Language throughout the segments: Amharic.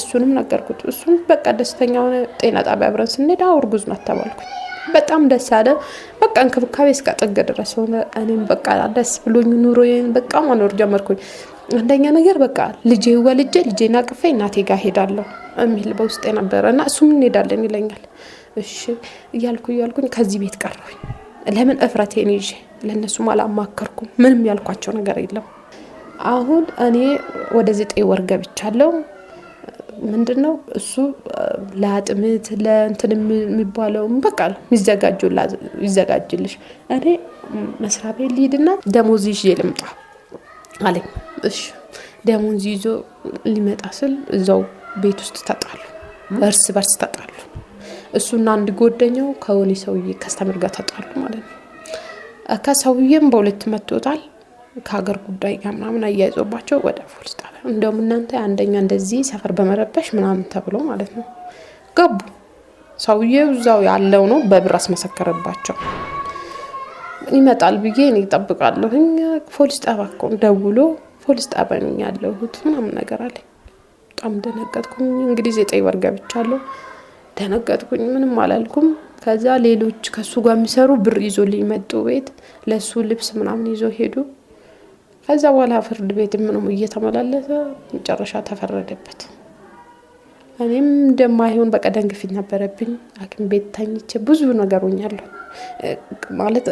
እሱንም ነገርኩት። እሱም በቃ ደስተኛ ሆነ። ጤና ጣቢያ አብረን ስንሄድ እርጉዝ ናት ተባልኩኝ። በጣም ደስ አለ። በቃ እንክብካቤ እስከ ጥግ ድረስ ሆነ። እኔም በቃ ደስ ብሎኝ ኑሮዬን በቃ ማኖር ጀመርኩኝ። አንደኛ ነገር በቃ ልጄ ወልጄ ልጄን አቅፌ እናቴ ጋር ሄዳለሁ የሚል በውስጤ ነበረ እና እሱም እንሄዳለን ይለኛል። እሺ እያልኩ እያልኩኝ ከዚህ ቤት ቀረሁኝ። ለምን እፍረቴን ይዤ ለእነሱም አላማከርኩም። ምንም ያልኳቸው ነገር የለም። አሁን እኔ ወደ ዘጠኝ ወር ገብቻለሁ። ምንድን ነው እሱ ለአጥምት ለእንትን የሚባለው በቃ ይዘጋጅልሽ። እኔ መስሪያ ቤት ሊሄድና ደሞዝ ይዤ ልምጣ አለኝ። እሺ ደሞዝ ይዞ ሊመጣ ስል እዛው ቤት ውስጥ ተጣሉ፣ እርስ በርስ ተጣሉ። እሱና አንድ ጎደኛው ከሆነ ሰውዬ ከስተምር ጋር ተጣሉ ማለት ነው። ከሰውዬም በሁለት መቶታል። ከሀገር ጉዳይ ጋር ምናምን አያይዞባቸው ወደ ፖሊስ እንደውም እናንተ አንደኛ እንደዚህ ሰፈር በመረበሽ ምናምን ተብሎ ማለት ነው ገቡ። ሰውዬው እዛው ያለው ነው በብር አስመሰከረባቸው። ይመጣል ብዬ እኔ እጠብቃለሁ። ፖሊስ ጣባ እኮ ደውሎ ፖሊስ ጣባ ነኝ ያለሁት ምናምን ነገር አለ። በጣም ደነገጥኩኝ። እንግዲህ ዘጠኝ ወር ገብቻለሁ። ደነገጥኩኝ። ምንም አላልኩም። ከዛ ሌሎች ከሱ ጋር የሚሰሩ ብር ይዞልኝ መጡ። ቤት ለሱ ልብስ ምናምን ይዞ ሄዱ። ከዛ በኋላ ፍርድ ቤት ምን እየተመላለሰ መጨረሻ ተፈረደበት። እኔም እንደማይሆን በቃ ደም ግፊት ነበረብኝ። ሐኪም ቤት ተኝቼ ብዙ ነገር ሆኛለሁ። ማለት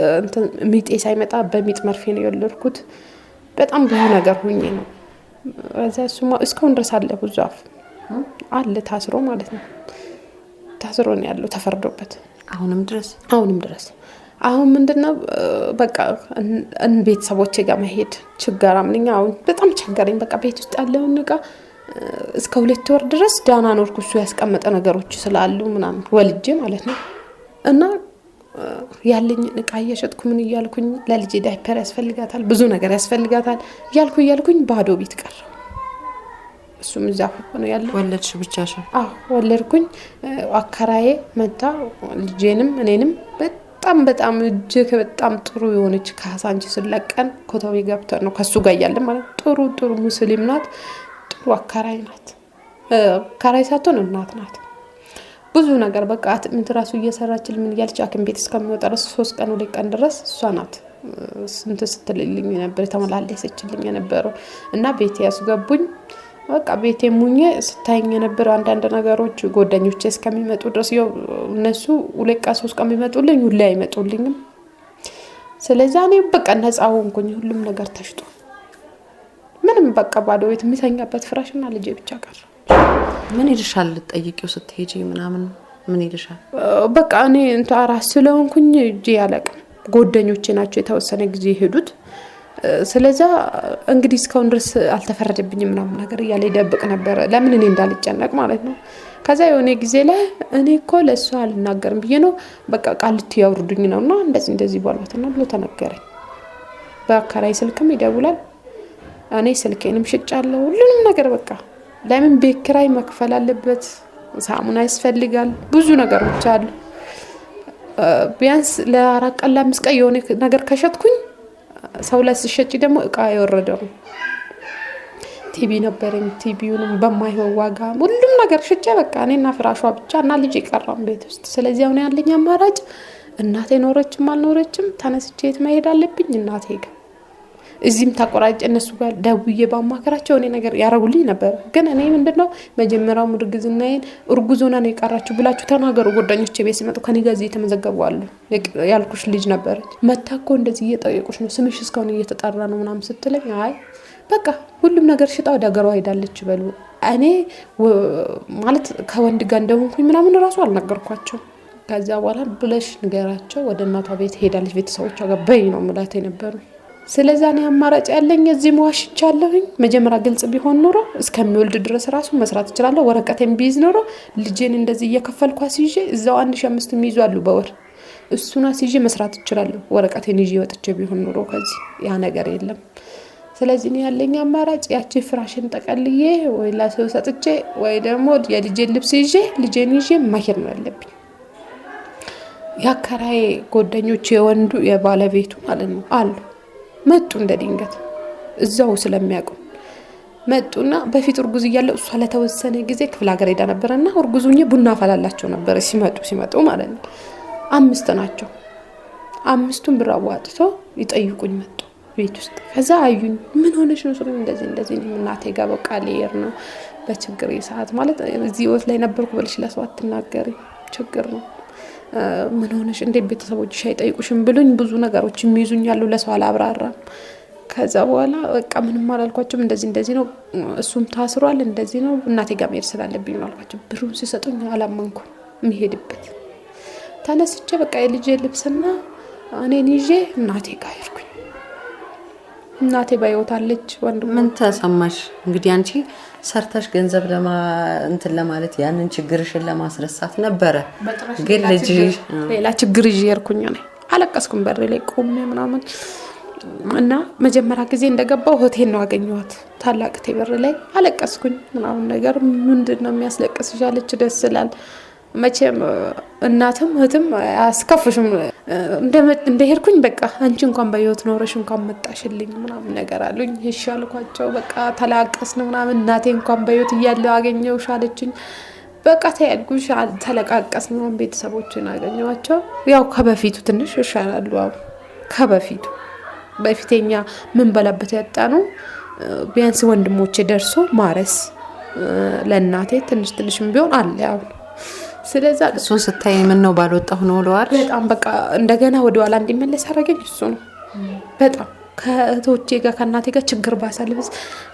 ሚጤ ሳይመጣ በሚጥ መርፌ ነው የወለድኩት። በጣም ብዙ ነገር ሆኜ ነው። ከዛ እሱ እስካሁን ድረስ አለ፣ ብዙ አፍ አለ ታስሮ ማለት ነው። ታስሮ ነው ያለው ተፈርዶበት አሁንም ድረስ አሁንም ድረስ አሁን ምንድን ነው በቃ ቤተሰቦች ጋር መሄድ ችግር አምንኛ አሁን በጣም ቸገረኝ። በቃ ቤት ውስጥ ያለውን እቃ እስከ ሁለት ወር ድረስ ዳና ኖርኩ። እሱ ያስቀመጠ ነገሮች ስላሉ ምናምን ወልጄ ማለት ነው እና ያለኝ እቃ እየሸጥኩ ምን እያልኩኝ ለልጄ ዳይፐር ያስፈልጋታል፣ ብዙ ነገር ያስፈልጋታል እያልኩ እያልኩኝ ባዶ ቤት ቀረ። እሱም እዛ ነው ያለ። ወለድሽ ብቻ? አዎ ወለድኩኝ። አከራዬ መታ ልጄንም እኔንም በጣም በጣም እጅግ በጣም ጥሩ የሆነች ካሳንቺ ስለቀን ኮተቤ ገብተን ነው ከሱ ጋር እያለን ማለት ጥሩ ጥሩ ሙስሊም ናት። ጥሩ አካራይ ናት። አካራይ ሳትሆን እናት ናት። ብዙ ነገር በቃ አጥሚት ራሱ እየሰራችል ምን እያለች ሐኪም ቤት እስከሚወጣ ድረስ ሶስት ቀን ሁለት ቀን ድረስ እሷ ናት ስንት ስትልልኝ የነበር የተመላለሰችልኝ የነበረው እና ቤት ያስገቡኝ በቃ ቤቴ ሙኜ ስታየኝ የነበረው አንዳንድ ነገሮች ጓደኞቼ እስከሚመጡ ድረስ ያው እነሱ ሁለት ቀን ሶስት ቀን ቢመጡልኝ ሁሌ አይመጡልኝም። ስለዚ እኔ በቃ ነፃ ሆንኩኝ። ሁሉም ነገር ተሽጦ ምንም በቃ ባዶ ቤት የሚተኛበት ፍራሽና ልጄ ብቻ ቀር። ምን ይልሻል ልትጠይቂው ስትሄጂ ምናምን ምን ይልሻል? በቃ እኔ እንትን አራስ ስለሆንኩኝ እጄ አለቅም። ጓደኞቼ ናቸው የተወሰነ ጊዜ ይሄዱት ስለዛ እንግዲህ እስካሁን ድረስ አልተፈረደብኝም ምናምን ነገር እያለ ይደብቅ ነበረ፣ ለምን እኔ እንዳልጨነቅ ማለት ነው። ከዛ የሆነ ጊዜ ላይ እኔ እኮ ለእሱ አልናገርም ብዬ ነው በቃ ቃሊቲ ያውርዱኝ ነው እና እንደዚህ እንደዚህ ባሏትና ብሎ ተነገረኝ። በአካራይ ስልክም ይደውላል። እኔ ስልኬንም ሽጫለሁ፣ ሁሉንም ነገር በቃ ለምን ቤት ኪራይ መክፈል አለበት፣ ሳሙና ያስፈልጋል፣ ብዙ ነገሮች አሉ። ቢያንስ ለአራት ቀን ለአምስት ቀን የሆነ ነገር ከሸጥኩኝ ሰው ላይ ሲሸጪ ደግሞ እቃ የወረደው ቲቪ ነበረኝ። ቲቪውንም በማይሆን ዋጋ ሁሉም ነገር ሽጬ በቃ እኔና ፍራሿ ብቻ እና ልጅ ይቀራም ቤት ውስጥ። ስለዚህ አሁን ያለኝ አማራጭ እናቴ ኖረችም አልኖረችም ተነስቼ የት መሄድ አለብኝ እናቴ ጋር እዚህም ተቆራጭ እነሱ ጋር ደውዬ ባማከራቸው እኔ ነገር ያረጉልኝ ነበር። ግን እኔ ምንድነው መጀመሪያው እርግዝናዬን እርጉዝ ነው የቀራችሁ ብላችሁ ተናገሩ። ጓደኞች ቤት ሲመጡ ከኔ ጋር እዚህ የተመዘገቡ አሉ። ያልኩሽ ልጅ ነበረች። መታ እኮ እንደዚህ እየጠየቁች ነው ስምሽ እስካሁን እየተጠራ ነው ምናምን ስትለኝ አይ በቃ ሁሉም ነገር ሽጣ ወደ ሀገሯ ሄዳለች በሉ። እኔ ማለት ከወንድ ጋር እንደሆንኩኝ ምናምን እራሱ አልነገርኳቸው። ከዚያ በኋላ ብለሽ ንገራቸው ወደ እናቷ ቤት ሄዳለች ቤተሰቦቿ ጋር በይ ነው ምላት የነበሩ ስለዛ እኔ አማራጭ ያለኝ እዚህ መዋሽቻለሁኝ። መጀመሪያ ግልጽ ቢሆን ኖሮ እስከሚወልድ ድረስ ራሱ መስራት እችላለሁ። ወረቀቴን ቢይዝ ኖሮ ልጄን እንደዚህ እየከፈልኩ አስይዤ እዛው አንድ ሺ አምስት የሚይዙ አሉ በወር እሱን አስይዤ መስራት እችላለሁ። ወረቀቴን ይዤ ወጥቼ ቢሆን ኖሮ ከዚህ ያ ነገር የለም። ስለዚህ እኔ ያለኝ አማራጭ ያቺ ፍራሽን ጠቀልዬ ወይ ለሰው ሰጥቼ ወይ ደግሞ የልጄን ልብስ ይዤ ልጄን ይዤ ማሄድ ነው ያለብኝ። የአከራዬ ጓደኞች የወንዱ የባለቤቱ ማለት ነው አሉ መጡ። እንደ ድንገት እዛው ስለሚያውቁ መጡና በፊት እርጉዝ እያለ እሷ ለተወሰነ ጊዜ ክፍለ ሀገር ሄዳ ነበረ ነበረና እርጉዙኝ ቡና ፈላላቸው ነበረ ሲመጡ ሲመጡ ማለት ነው። አምስት ናቸው። አምስቱን ብር አዋጥቶ ይጠይቁኝ መጡ ቤት ውስጥ። ከዛ አዩኝ። ምን ሆነሽ ነው? ስሩ እንደዚህ እንደዚህ እናቴ ጋር በቃ ልሄድ ነው በችግር ሰዓት ማለት እዚህ ህይወት ላይ ነበርኩ ብለሽ ለሰው አትናገሪ፣ ችግር ነው ምን ሆነሽ እንዴት ቤተሰቦችሽ አይጠይቁሽም ብሎኝ ብዙ ነገሮች የሚይዙኝ ያሉ ለሰው አላብራራም። ከዛ በኋላ በቃ ምንም አላልኳቸውም። እንደዚህ እንደዚህ ነው፣ እሱም ታስሯል፣ እንደዚህ ነው፣ እናቴ ጋር መሄድ ስላለብኝ አልኳቸው። ብሩን ሲሰጡኝ አላመንኩ የሚሄድበት ተነስቼ በቃ የልጄ ልብስና እኔን ይዤ እናቴ ጋር ሄድኩኝ። እናቴ ባይወታለች ወንድ ምን ተሰማሽ እንግዲህ አንቺ ሰርተሽ ገንዘብ ለማ እንትን ለማለት ያንን ችግርሽን ለማስረሳት ነበረ። ግን ልጅ ሌላ ችግር ይዤ የርኩኝ ነ አለቀስኩም በር ላይ ቆሜ ምናምን እና መጀመሪያ ጊዜ እንደገባው ሆቴል ነው አገኘኋት። ታላቅ በር ላይ አለቀስኩኝ ምናምን ነገር ምንድን ነው የሚያስለቅስሽ አለች። ደስ ይላል መቼም እናትም እህትም አስከፍሽም። እንደሄድኩኝ በቃ አንቺ እንኳን በህይወት ኖረሽ እንኳን መጣሽልኝ ምናምን ነገር አሉኝ። እሺ አልኳቸው። በቃ ተላቀስን ምናምን እናቴ እንኳን በህይወት እያለው አገኘሁሽ አለችኝ። በቃ ተያድጉሽ ተለቃቀስ ምናምን ቤተሰቦችን አገኘኋቸው። ያው ከበፊቱ ትንሽ ይሻላሉ። አሁ ከበፊቱ በፊተኛ ምን በላበት ያጣ ነው። ቢያንስ ወንድሞቼ ደርሶ ማረስ ለእናቴ ትንሽ ትንሽም ቢሆን አለ አሁን ስለዛ እሱን ስታይ ምን ነው ባልወጣሁ ነው ለዋል በጣም በቃ እንደገና ወደ ኋላ እንዲመለስ አረገኝ። እሱ ነው በጣም ከእህቶቼ ጋር ከእናቴ ጋር ችግር ባሳልፍስ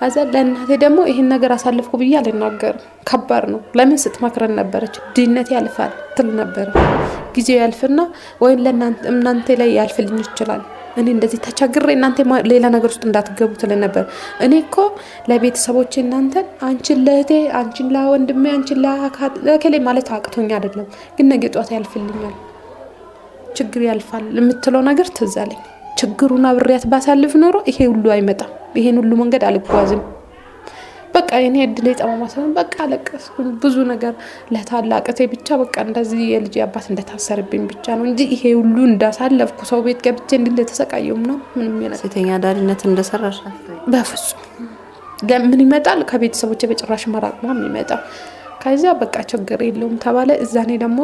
አዛ ለእናቴ ደግሞ ይህን ነገር አሳልፍኩ ብዬ አልናገርም። ከባድ ነው። ለምን ስትመክረን ነበረች። ድህነት ያልፋል ትል ነበረ። ጊዜው ያልፍና ወይም ለእናንተ ላይ ያልፍልኝ ይችላል እኔ እንደዚህ ተቸግሬ እናንተ ሌላ ነገር ውስጥ እንዳትገቡ ትል ነበር። እኔ እኮ ለቤተሰቦች እናንተን አንቺን ለእህቴ፣ አንቺን ለወንድሜ፣ አንቺን ለከሌ ማለት አቅቶኛ አይደለም፣ ግን ነገ ጧት ያልፍልኛል፣ ችግር ያልፋል የምትለው ነገር ትዝ አለኝ። ችግሩን አብሬያት ባሳልፍ ኖሮ ይሄ ሁሉ አይመጣም፣ ይሄን ሁሉ መንገድ አልጓዝም። በቃ የኔ እድል የጠማማ ሳይሆን በቃ አለቀስኩኝ። ብዙ ነገር ለታላቅቴ ብቻ በቃ እንደዚህ የልጅ አባት እንደታሰርብኝ ብቻ ነው እንጂ ይሄ ሁሉ እንዳሳለፍኩ ሰው ቤት ገብቼ እንድል እንደተሰቃየው ነው ምንም ነ ሴተኛ አዳሪነት እንደሰራሽ በፍጹም ምን ይመጣል ከቤተሰቦች በጭራሽ መራቅማ ይመጣ ከዚያ በቃ ችግር የለውም ተባለ። እዛኔ ደግሞ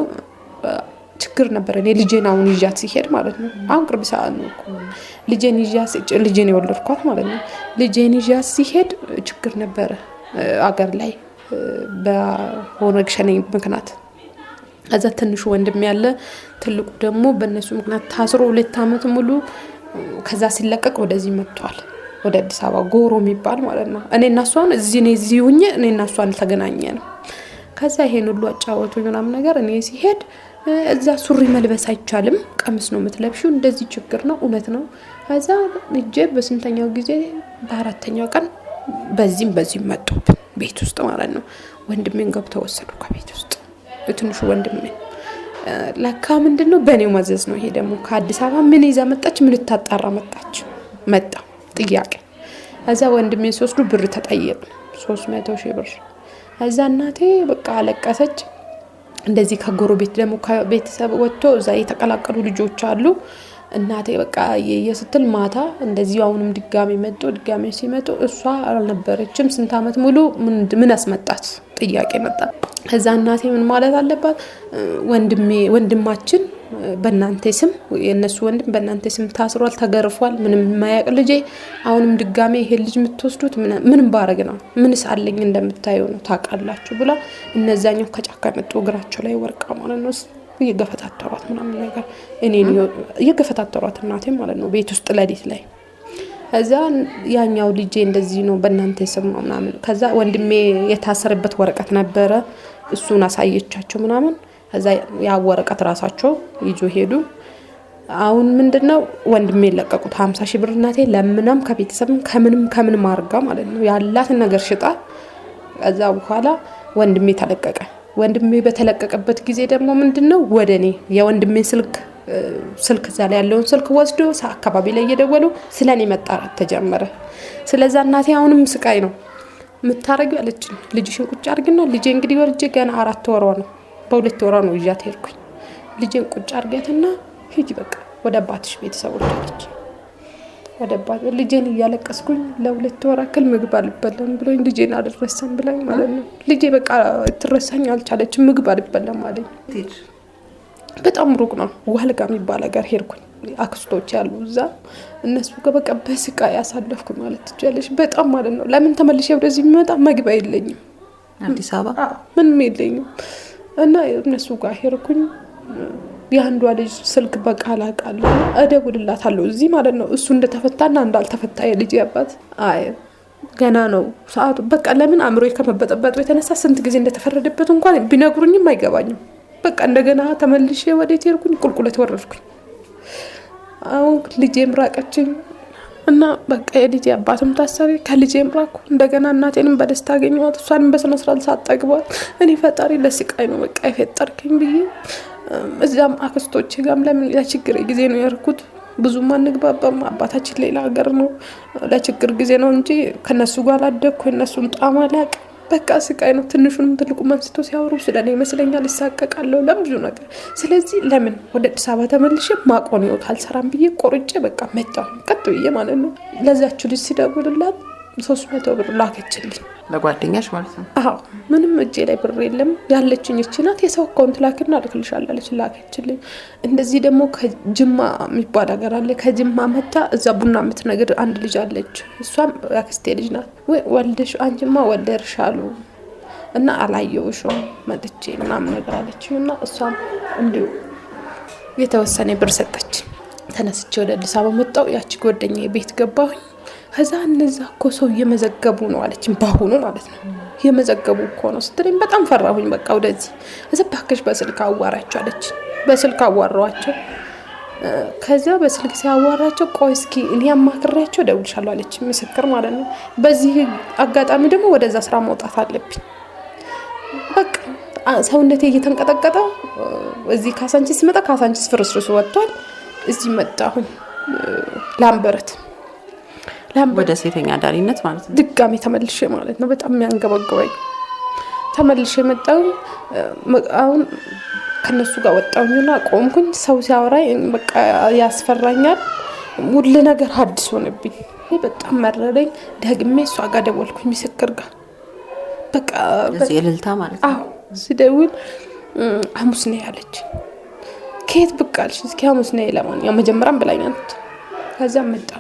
ችግር ነበረ። እኔ ልጄን አሁን ይዣት ሲሄድ ማለት ነው። አሁን ቅርብ ሰዓት ነው እኮ ልጄን ይዣት ልጄን የወለድኳት ማለት ነው። ልጄን ይዣት ሲሄድ ችግር ነበረ አገር ላይ በሆነ ሸኔ ምክንያት ከዛ ትንሹ ወንድም ያለ ትልቁ ደግሞ በእነሱ ምክንያት ታስሮ ሁለት ዓመት ሙሉ ከዛ ሲለቀቅ ወደዚህ መጥቷል። ወደ አዲስ አበባ ጎሮ የሚባል ማለት ነው። እኔ እናሷን እዚህ እኔ እዚህ ሁኜ እኔ እናሷን ተገናኘ ነው። ከዛ ይሄን ሁሉ አጫወቱኝ ምናምን ነገር እኔ ሲሄድ እዛ ሱሪ መልበስ አይቻልም፣ ቀሚስ ነው የምትለብሺው። እንደዚህ ችግር ነው፣ እውነት ነው። ከዛ እጄ በስንተኛው ጊዜ በአራተኛው ቀን በዚህም በዚህም መጡብን ቤት ውስጥ ማለት ነው። ወንድሜን ገብተው ወሰዱ ከቤት ውስጥ ትንሹ ወንድሜ ለካ ምንድን ነው በእኔው ማዘዝ ነው ይሄ ደግሞ። ከአዲስ አበባ ምን ይዛ መጣች? ምን ታጣራ መጣች? መጣ ጥያቄ። ከዛ ወንድሜን ሲወስዱ ብር ተጠየቅ፣ ሶስት መቶ ሺህ ብር። ከዛ እናቴ በቃ አለቀሰች። እንደዚህ ከጎረቤት ደግሞ ከቤተሰብ ወጥቶ እዛ የተቀላቀሉ ልጆች አሉ። እናቴ በቃ የስትል ማታ እንደዚሁ አሁንም ድጋሚ መጡ። ድጋሚ ሲመጡ እሷ አልነበረችም። ስንት ዓመት ሙሉ ምን አስመጣት? ጥያቄ መጣ። ከዛ እናቴ ምን ማለት አለባት? ወንድማችን በእናንተ ስም የእነሱ ወንድም በእናንተ ስም ታስሯል፣ ተገርፏል፣ ምንም የማያውቅ ልጄ። አሁንም ድጋሜ ይሄን ልጅ የምትወስዱት ምንም ባረግ ነው፣ ምንስ አለኝ እንደምታየው ነው ታውቃላችሁ ብላ እነዛኛው ከጫካ መጡ እግራቸው ላይ ወርቃ ማለት ነው እየገፈታተሯት ምናምን ነገር እኔ እየገፈታተሯት እናቴ ማለት ነው ቤት ውስጥ ለሊት ላይ ከዛ ያኛው ልጄ እንደዚህ ነው በእናንተ ስም ነው ምናምን። ከዛ ወንድሜ የታሰረበት ወረቀት ነበረ እሱን አሳየቻቸው ምናምን። ከዛ ያ ወረቀት ራሳቸው ይዞ ሄዱ። አሁን ምንድን ነው ወንድሜ የለቀቁት ሀምሳ ሺህ ብር እናቴ ለምናም ከቤተሰብ ከምንም ከምንም አርጋ ማለት ነው ያላትን ነገር ሽጣ። ከዛ በኋላ ወንድሜ ተለቀቀ። ወንድሜ በተለቀቀበት ጊዜ ደግሞ ምንድን ነው ወደ እኔ የወንድሜ ስልክ ስልክ እዛ ላይ ያለውን ስልክ ወስዶ አካባቢ ላይ እየደወሉ ስለ እኔ መጣራት ተጀመረ። ስለዛ እናቴ አሁንም ስቃይ ነው ምታረግ አለችን። ልጅሽን ቁጭ አርግና ልጄ እንግዲህ ወልጄ ገና አራት ወሯ ነው፣ በሁለት ወሯ ነው እዣት ሄድኩኝ። ልጄን ቁጭ አድርጊያትና ሂጂ በቃ ወደ አባትሽ ቤተሰቦች አለች። ወደ አባት ልጄን እያለቀስኩኝ ለሁለት ወር አክል ምግብ አልበላም ብሎኝ ልጄን አልረሳም ብላኝ ማለት ነው። ልጄ በቃ ትረሳኝ አልቻለችም ምግብ አልበላም አለኝ። በጣም ሩቅ ነው። ዋልጋ የሚባል ሀገር ሄድኩኝ። አክስቶች ያሉ እዛ እነሱ ጋር በቃ በስቃይ ያሳለፍኩ ማለት ትችላለች። በጣም ማለት ነው። ለምን ተመልሼ ወደዚህ የሚመጣ መግቢያ የለኝም፣ አዲስ አበባ ምንም የለኝም። እና እነሱ ጋር ሄድኩኝ። የአንዷ ልጅ ስልክ በቃል አውቃለሁ፣ እደውልላታለሁ እዚህ ማለት ነው። እሱ እንደተፈታና እንዳልተፈታ የልጅ አባት አይ ገና ነው ሰዓቱ። በቃ ለምን አእምሮ ከመበጠበጡ የተነሳ ስንት ጊዜ እንደተፈረደበት እንኳን ቢነግሩኝም አይገባኝም። በቃ እንደገና ተመልሼ ወዴት ሄድኩኝ? ቁልቁለት ወረድኩኝ። አሁን ልጄም ራቀችኝ እና በቃ የልጄ አባትም ታሰሪ፣ ከልጄም ራኩ። እንደገና እናቴንም በደስታ አገኘኋት፣ እሷንም በስነስርዓት ሳጠግቧት። እኔ ፈጣሪ ለስቃይ ነው በቃ የፈጠርከኝ ብዬ እዚያም አክስቶቼ ጋም ለምን ለችግር ጊዜ ነው ያርኩት። ብዙም አንግባባም። አባታችን ሌላ ሀገር ነው፣ ለችግር ጊዜ ነው እንጂ ከነሱ ጋር አደግኩ። የነሱን ጣም አላውቅም። በቃ ስቃይ ነው። ትንሹንም ትልቁም አንስቶ ሲያወሩ ስለኔ ይመስለኛል ይሳቀቃለሁ ለብዙ ነገር። ስለዚህ ለምን ወደ አዲስ አበባ ተመልሼ ማቆን ይወት አልሰራም ብዬ ቆርጬ በቃ መጣሁ ቀጥ ብዬ ማለት ነው። ለዛችሁ ልጅ ሲደውልላት ሶስት መቶ ብር ላከችልኝ። ለጓደኛሽ ማለት ነው? አዎ ምንም እጄ ላይ ብር የለም ያለችኝ ይቺ ናት። የሰው አካውንት ላክና እልክልሻለሁ አለች፣ ላከችልኝ። እንደዚህ ደግሞ ከጅማ የሚባል ሀገር አለ። ከጅማ መታ እዛ ቡና የምትነግድ አንድ ልጅ አለች። እሷም ያክስቴ ልጅ ናት። ወይ ወልደሽ አንቺማ ወልደርሻሉ እና አላየሁሽም መጥቼ ምናምን ነገር አለች። እና እሷም እንዲሁ የተወሰነ ብር ሰጠች። ተነስቼ ወደ አዲስ አበባ መጣሁ። ያቺ ጓደኛ ቤት ገባሁኝ። ከዛ እነዛ እኮ ሰው እየመዘገቡ ነው አለችኝ። በአሁኑ ማለት ነው እየመዘገቡ እኮ ነው ስትለኝ በጣም ፈራሁኝ። በቃ ወደዚህ እባክሽ በስልክ አዋራቸው አለች። በስልክ አዋራቸው። ከዛ በስልክ ሲያዋራቸው ቆይ እስኪ እኔ አማክሬያቸው እደውልሻለሁ አለች። ምስክር ማለት ነው። በዚህ አጋጣሚ ደግሞ ወደዛ ስራ መውጣት አለብኝ። በቃ ሰውነቴ እየተንቀጠቀጠ እዚህ ካሳንቺስ ስመጣ ካሳንቺስ ፍርስርሱ ወጥቷል። እዚህ መጣሁኝ ላምበረት ወደ ሴተኛ አዳሪነት ማለት ነው። ድጋሚ ተመልሼ ማለት ነው። በጣም የሚያንገበግበኝ ተመልሼ መጣሁ። አሁን ከነሱ ጋር ወጣሁኝና ቆምኩኝ። ሰው ሲያወራኝ በቃ ያስፈራኛል። ሁሉ ነገር አዲስ ሆነብኝ። በጣም መረረኝ። ደግሜ እሷ ጋር ደወልኩኝ፣ ምስክር ጋር በቃ እልልታ ማለት ነው። ስደውል ሐሙስ ነው ያለች። ከየት ብቅ አለች? እስኪ ሐሙስ ነው ለማንኛውም መጀመሪያም ብላኝ አለች። ከዚያም መጣሁ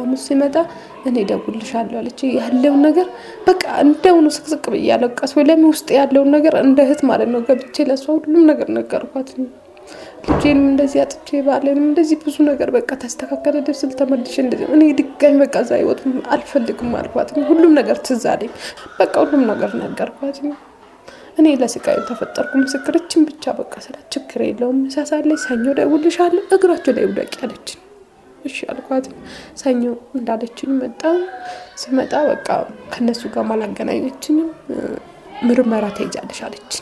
ሐሙስ ሲመጣ እኔ እደውልልሻለሁ አለች። ያለውን ነገር በቃ እንደውኑ ስቅስቅ ብዬ እያለቀስኩ ለምን ውስጥ ያለውን ነገር እንደ እህት ማለት ነው ገብቼ ለሷ ሁሉም ነገር ነገርኳት። ልጄንም እንደዚህ አጥቼ ባለንም እንደዚህ ብዙ ነገር በቃ ተስተካከለ ደብስል ተመልሼ እንደ እኔ ድጋሚ በቃ እዛ ህይወት አልፈልግም አልኳት። ሁሉም ነገር ትዝ አለኝ። በቃ ሁሉም ነገር ነገርኳት። እኔ ለስቃዩ ተፈጠርኩ ምስክርችን ብቻ በቃ ስለ ችግር የለውም። ሳሳለኝ ሰኞ ደውልሻለሁ እግራቸው ላይ ውደቂ አለችን። እሺ አልኳት። ሰኞ እንዳለችኝ መጣ። ስመጣ በቃ ከነሱ ጋር ማላገናኘችኝም። ምርመራ ተይዛለሽ አለች።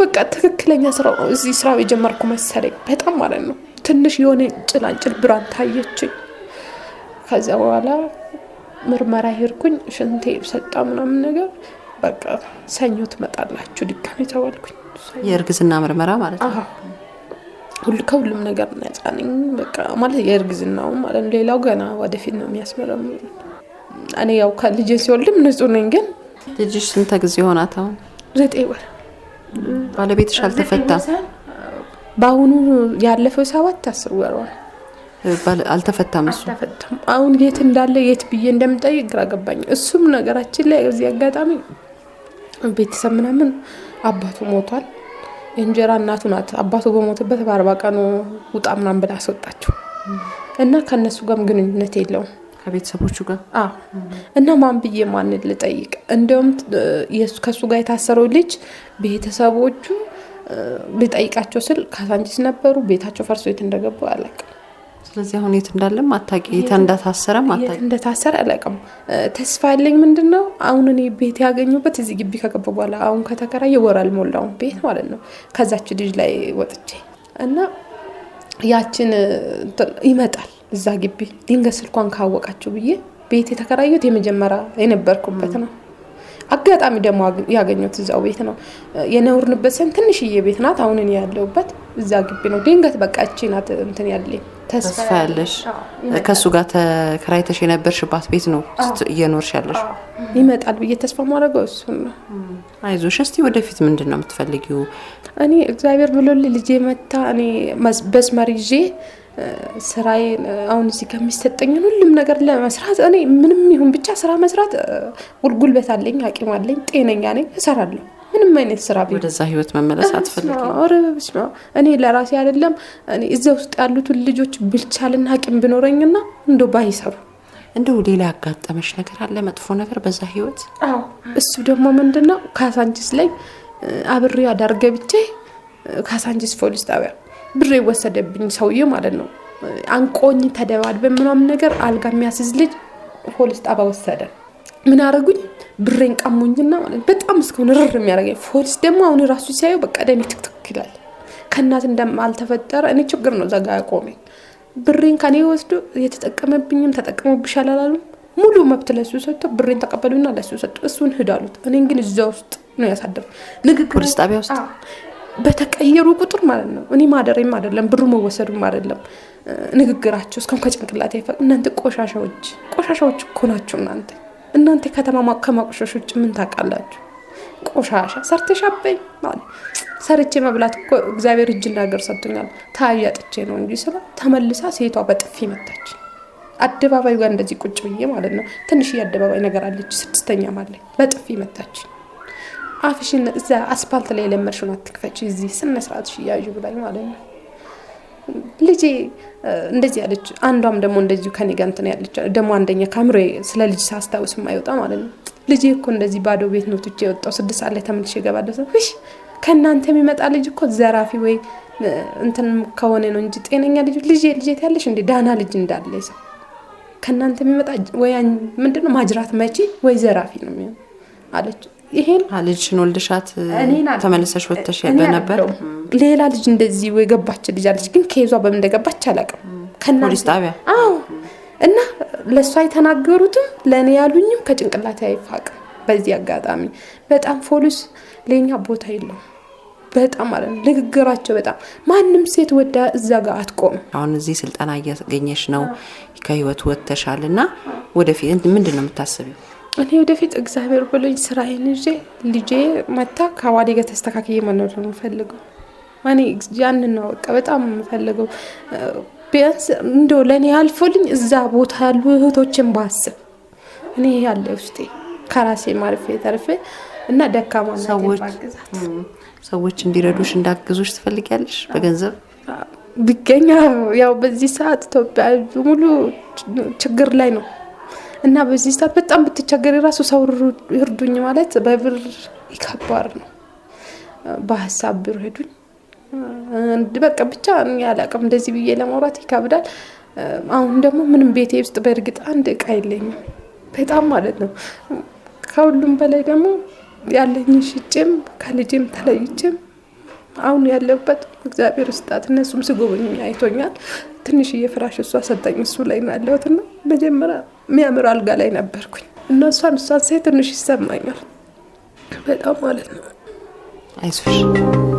በቃ ትክክለኛ ስራ እዚህ ስራ የጀመርኩ መሰለኝ በጣም ማለት ነው። ትንሽ የሆነ ጭላንጭል ብራን ታየችኝ። ከዚያ በኋላ ምርመራ ሄድኩኝ። ሽንቴ ሰጣ ምናምን ነገር በቃ ሰኞ ትመጣላችሁ ድጋሚ ተባልኩኝ። የእርግዝና ምርመራ ማለት ነው። ሁሉ ከሁሉም ነገር ነጻ በቃ ማለት የእርግዝናው ማለት ሌላው ገና ወደፊት ነው የሚያስመረም። እኔ ያው ከልጄ ሲወልድም ንጹህ ነኝ። ግን ልጅሽ ስንተ ጊዜ ሆናት? አሁን ዘጠኝ ወር። ባለቤትሽ አልተፈታም? በአሁኑ ያለፈው ሰባት አስር ወር አልተፈታም። እሱ አሁን የት እንዳለ የት ብዬ እንደምጠይቅ ግራ ገባኝ። እሱም ነገራችን ላይ እዚህ አጋጣሚ ቤተሰብ ምናምን አባቱ ሞቷል የእንጀራ እናቱ ናት። አባቱ በሞትበት በአርባ ቀኑ ውጣ ምናምን ብላ አስወጣቸው እና ከእነሱ ጋም ግንኙነት የለውም ከቤተሰቦቹ ጋር እና ማን ብዬ ማን ልጠይቅ? እንዲሁም ከእሱ ጋር የታሰረው ልጅ ቤተሰቦቹ ሊጠይቃቸው ስል ካዛንቺስ ነበሩ። ቤታቸው ፈርሶ የት እንደገቡ አላውቅም። ስለዚህ አሁን የት እንዳለም አታውቂ፣ የት እንደታሰረም አታውቂ። እንደታሰረ አላውቅም። ተስፋ ያለኝ ምንድን ነው አሁን እኔ ቤት ያገኙበት እዚህ ግቢ ከገባ በኋላ አሁን ከተከራየ ወር አልሞላውም ቤት ማለት ነው ከዛች ልጅ ላይ ወጥቼ እና ያችን ይመጣል እዛ ግቢ ድንገት ስልኳን ካወቃችሁ ብዬ ቤት የተከራዩት የመጀመሪያ የነበርኩበት ነው። አጋጣሚ ደግሞ ያገኙት እዛው ቤት ነው የነውርንበት ሰን ትንሽዬ ቤት ናት። አሁን ያለሁበት እዛ ግቢ ነው። ድንገት በቃ እቺ ናት እንትን ያለኝ ተስፋ ያለሽ ከእሱ ጋር ተከራይተሽ የነበርሽባት ቤት ነው እየኖርሽ ያለሽ። ይመጣል ብዬ ተስፋ ማድረገው እሱ ነው። አይዞሽ። እስቲ ወደፊት ምንድን ነው የምትፈልጊው? እኔ እግዚአብሔር ብሎልኝ ልጄ መታ እኔ መስመር ይዤ ስራዬ አሁን እዚህ ከሚሰጠኝ ሁሉም ነገር ለመስራት እኔ ምንም ይሁን ብቻ ስራ መስራት ጉልበት አለኝ፣ አቂም አለኝ፣ ጤነኛ ነኝ፣ እሰራለሁ ምንም አይነት ስራ ወደዛ ህይወት መመለስ አትፈልግም። እኔ ለራሴ አይደለም እኔ እዚያ ውስጥ ያሉትን ልጆች ብልቻልና አቅም ቢኖረኝና እንደው ባይሰሩ እንደው ሌላ ያጋጠመች ነገር አለ መጥፎ ነገር በዛ ህይወት? አዎ እሱ ደግሞ ምንድን ነው ካሳንቺስ ላይ አብሬ አዳርገ ገብቼ ካሳንቺስ ፖሊስ ጣቢያ ብሬ ወሰደብኝ ሰውዬ ማለት ነው። አንቆኝ ተደባድበን ምናምን ነገር አልጋ የሚያስዝ ልጅ ፖሊስ ጣቢያ ወሰደ። ምን አረጉኝ? ብሬን ቀሙኝና ማለት በጣም እስከሆነ ርር የሚያደርገኝ ፖሊስ ደግሞ አሁን ራሱ ሲያዩ በቃ ደሜ ትክትክ ይላል። ከእናት እንደማልተፈጠረ እኔ ችግር ነው ዘጋ ያቆመኝ። ብሬን ከኔ ወስዶ የተጠቀመብኝም ተጠቅሞብሻል አላሉም። ሙሉ መብት ለሱ ሰጥቶ ብሬን ተቀበሉና ለሱ ሰጡ። እሱን ሂድ አሉት። እኔ ግን እዛ ውስጥ ነው ያሳደሩ ንግግር ጣቢያ ውስጥ በተቀየሩ ቁጥር ማለት ነው እኔ ማደሬም አይደለም ብሩ መወሰዱም አይደለም ንግግራቸው እስካሁን ከጭንቅላት ይፈቅ እናንተ ቆሻሻዎች ቆሻሻዎች እኮ ናቸው እናንተ እናንተ ከተማ ከማቆሸሽ ውጭ ምን ታውቃላችሁ? ቆሻሻ ሰርተሻበኝ ማለት ሰርቼ መብላት እኮ እግዚአብሔር እጅና እግር ሰጥቶኛል። ታያጥቼ ነው እንጂ ስለ ተመልሳ ሴቷ በጥፊ መታች። አደባባዩ ጋር እንደዚህ ቁጭ ብዬ ማለት ነው። ትንሽ የአደባባይ ነገር አለች፣ ስድስተኛ ማለኝ በጥፊ መታች። አፍሽን እዛ አስፓልት ላይ የለመድሽውን አትክፈች፣ እዚህ ስነስርዓት ሽያዥ ብላኝ ማለት ነው። ልጄ እንደዚህ ያለች አንዷም ደግሞ እንደዚሁ ከኔ ጋር እንትን ያለች ደግሞ አንደኛ ከምሮ ስለ ልጅ ሳስታውስ የማይወጣ ማለት ነው። ልጄ እኮ እንደዚህ ባዶ ቤት ነው ትቼ የወጣው ስድስት ሰዓት ላይ ተመልሼ እገባለሁ። ሰው ከእናንተ የሚመጣ ልጅ እኮ ዘራፊ ወይ እንትን ከሆነ ነው እንጂ ጤነኛ ልጅ ልጄ ልጄ ያለሽ እንዴ ዳና ልጅ እንዳለ ሰው ከእናንተ የሚመጣ ወይ ምንድነው ማጅራት መቺ ወይ ዘራፊ ነው የሚሆን አለች። ይሄን ልጅሽን ወልደሻት ተመልሰሽ ወጥተሽ በነበር ሌላ ልጅ እንደዚህ የገባች ልጅ አለች፣ ግን ከይዟ በምን እንደገባች አላውቅም። ፖሊስ ጣቢያ አዎ። እና ለእሷ የተናገሩትም ለእኔ ያሉኝም ከጭንቅላት አይፋቅም። በዚህ አጋጣሚ በጣም ፖሊስ ለኛ ቦታ የለም በጣም ማለት ንግግራቸው። በጣም ማንም ሴት ወዳ እዛ ጋር አትቆም። አሁን እዚህ ስልጠና እያገኘሽ ነው፣ ከህይወቱ ወጥተሻል እና ወደፊት ምንድን ነው የምታስቢው? እኔ ወደፊት እግዚአብሔር ብሎኝ ስራዬን ይዤ ልጄ መታ ከባሌ ጋር ተስተካክዬ መኖር ነው የምፈልገው። እኔ ያንን ነው በቃ በጣም የምፈልገው። ቢያንስ እንደው ለእኔ ያልፎልኝ እዛ ቦታ ያሉ እህቶችን ባስብ እኔ ያለ ውስጤ ከራሴ ማርፌ ተርፌ እና ደካማ ሰዎች እንዲረዱሽ እንዳግዙሽ ትፈልጊያለሽ? በገንዘብ ብገኛ ያው በዚህ ሰዓት ኢትዮጵያ ሙሉ ችግር ላይ ነው። እና በዚህ ሰዓት በጣም ብትቸገር የራሱ ሰው ይርዱኝ ማለት በብር ይከባድ ነው። በሀሳብ ብር ሄዱኝ በቃ ብቻ ያላቅም እንደዚህ ብዬ ለማውራት ይከብዳል። አሁን ደግሞ ምንም ቤቴ ውስጥ በእርግጥ አንድ እቃ የለኝም በጣም ማለት ነው። ከሁሉም በላይ ደግሞ ያለኝ ሽጭም ከልጅም ተለይችም አሁን ያለበት እግዚአብሔር ስጣት እነሱም ስጎበኝ አይቶኛል። ትንሽዬ ፍራሽ እሷ ሰጠኝ። እሱ ላይ ነው ያለሁት እና መጀመሪያ የሚያምር አልጋ ላይ ነበርኩኝ እና እሷን እሷን ሳይ ትንሽ ይሰማኛል በጣም ማለት ነው። አይዞሽ